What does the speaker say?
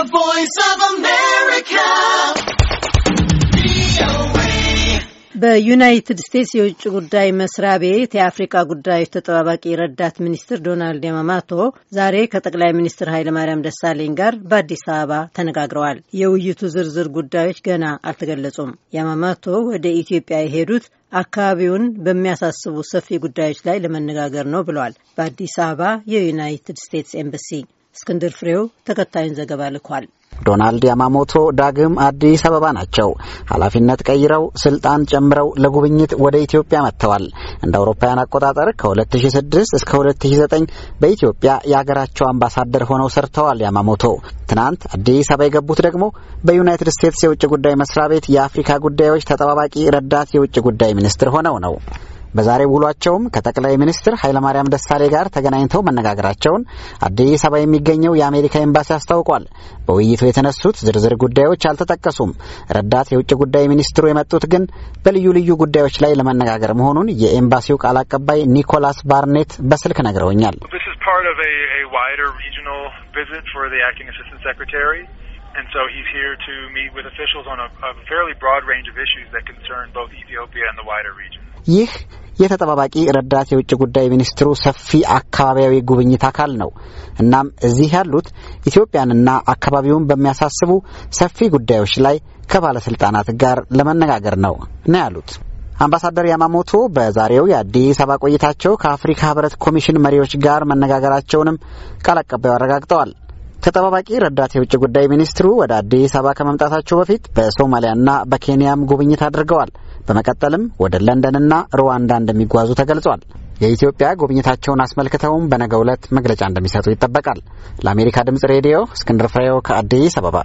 The Voice of America. በዩናይትድ ስቴትስ የውጭ ጉዳይ መስሪያ ቤት የአፍሪካ ጉዳዮች ተጠባባቂ ረዳት ሚኒስትር ዶናልድ ያማማቶ ዛሬ ከጠቅላይ ሚኒስትር ኃይለማርያም ደሳለኝ ጋር በአዲስ አበባ ተነጋግረዋል። የውይይቱ ዝርዝር ጉዳዮች ገና አልተገለጹም። የማማቶ ወደ ኢትዮጵያ የሄዱት አካባቢውን በሚያሳስቡ ሰፊ ጉዳዮች ላይ ለመነጋገር ነው ብሏል። በአዲስ አበባ የዩናይትድ ስቴትስ ኤምባሲ እስክንድር ፍሬው ተከታዩን ዘገባ ልኳል። ዶናልድ ያማሞቶ ዳግም አዲስ አበባ ናቸው። ኃላፊነት ቀይረው ስልጣን ጨምረው ለጉብኝት ወደ ኢትዮጵያ መጥተዋል። እንደ አውሮፓውያን አቆጣጠር ከ2006 እስከ 2009 በኢትዮጵያ የሀገራቸው አምባሳደር ሆነው ሰርተዋል። ያማሞቶ ትናንት አዲስ አበባ የገቡት ደግሞ በዩናይትድ ስቴትስ የውጭ ጉዳይ መስሪያ ቤት የአፍሪካ ጉዳዮች ተጠባባቂ ረዳት የውጭ ጉዳይ ሚኒስትር ሆነው ነው። በዛሬ ውሏቸውም ከጠቅላይ ሚኒስትር ኃይለማርያም ደሳሌ ጋር ተገናኝተው መነጋገራቸውን አዲስ አበባ የሚገኘው የአሜሪካ ኤምባሲ አስታውቋል። በውይይቱ የተነሱት ዝርዝር ጉዳዮች አልተጠቀሱም። ረዳት የውጭ ጉዳይ ሚኒስትሩ የመጡት ግን በልዩ ልዩ ጉዳዮች ላይ ለመነጋገር መሆኑን የኤምባሲው ቃል አቀባይ ኒኮላስ ባርኔት በስልክ ነግረውኛል። And so he's here to meet with officials on a, a fairly broad range of issues that concern both Ethiopia and the wider region. ይህ የተጠባባቂ ረዳት የውጭ ጉዳይ ሚኒስትሩ ሰፊ አካባቢያዊ ጉብኝት አካል ነው። እናም እዚህ ያሉት ኢትዮጵያንና አካባቢውን በሚያሳስቡ ሰፊ ጉዳዮች ላይ ከባለስልጣናት ጋር ለመነጋገር ነው ነው ያሉት። አምባሳደር ያማሞቶ በዛሬው የአዲስ አበባ ቆይታቸው ከአፍሪካ ሕብረት ኮሚሽን መሪዎች ጋር መነጋገራቸውንም ቃል አቀባዩ አረጋግጠዋል። ተጠባባቂ ረዳት የውጭ ጉዳይ ሚኒስትሩ ወደ አዲስ አበባ ከመምጣታቸው በፊት በሶማሊያና በኬንያም ጉብኝት አድርገዋል። በመቀጠልም ወደ ለንደንና ሩዋንዳ እንደሚጓዙ ተገልጿል። የኢትዮጵያ ጉብኝታቸውን አስመልክተውም በነገው ዕለት መግለጫ እንደሚሰጡ ይጠበቃል። ለአሜሪካ ድምጽ ሬዲዮ እስክንድር ፍሬው ከአዲስ አበባ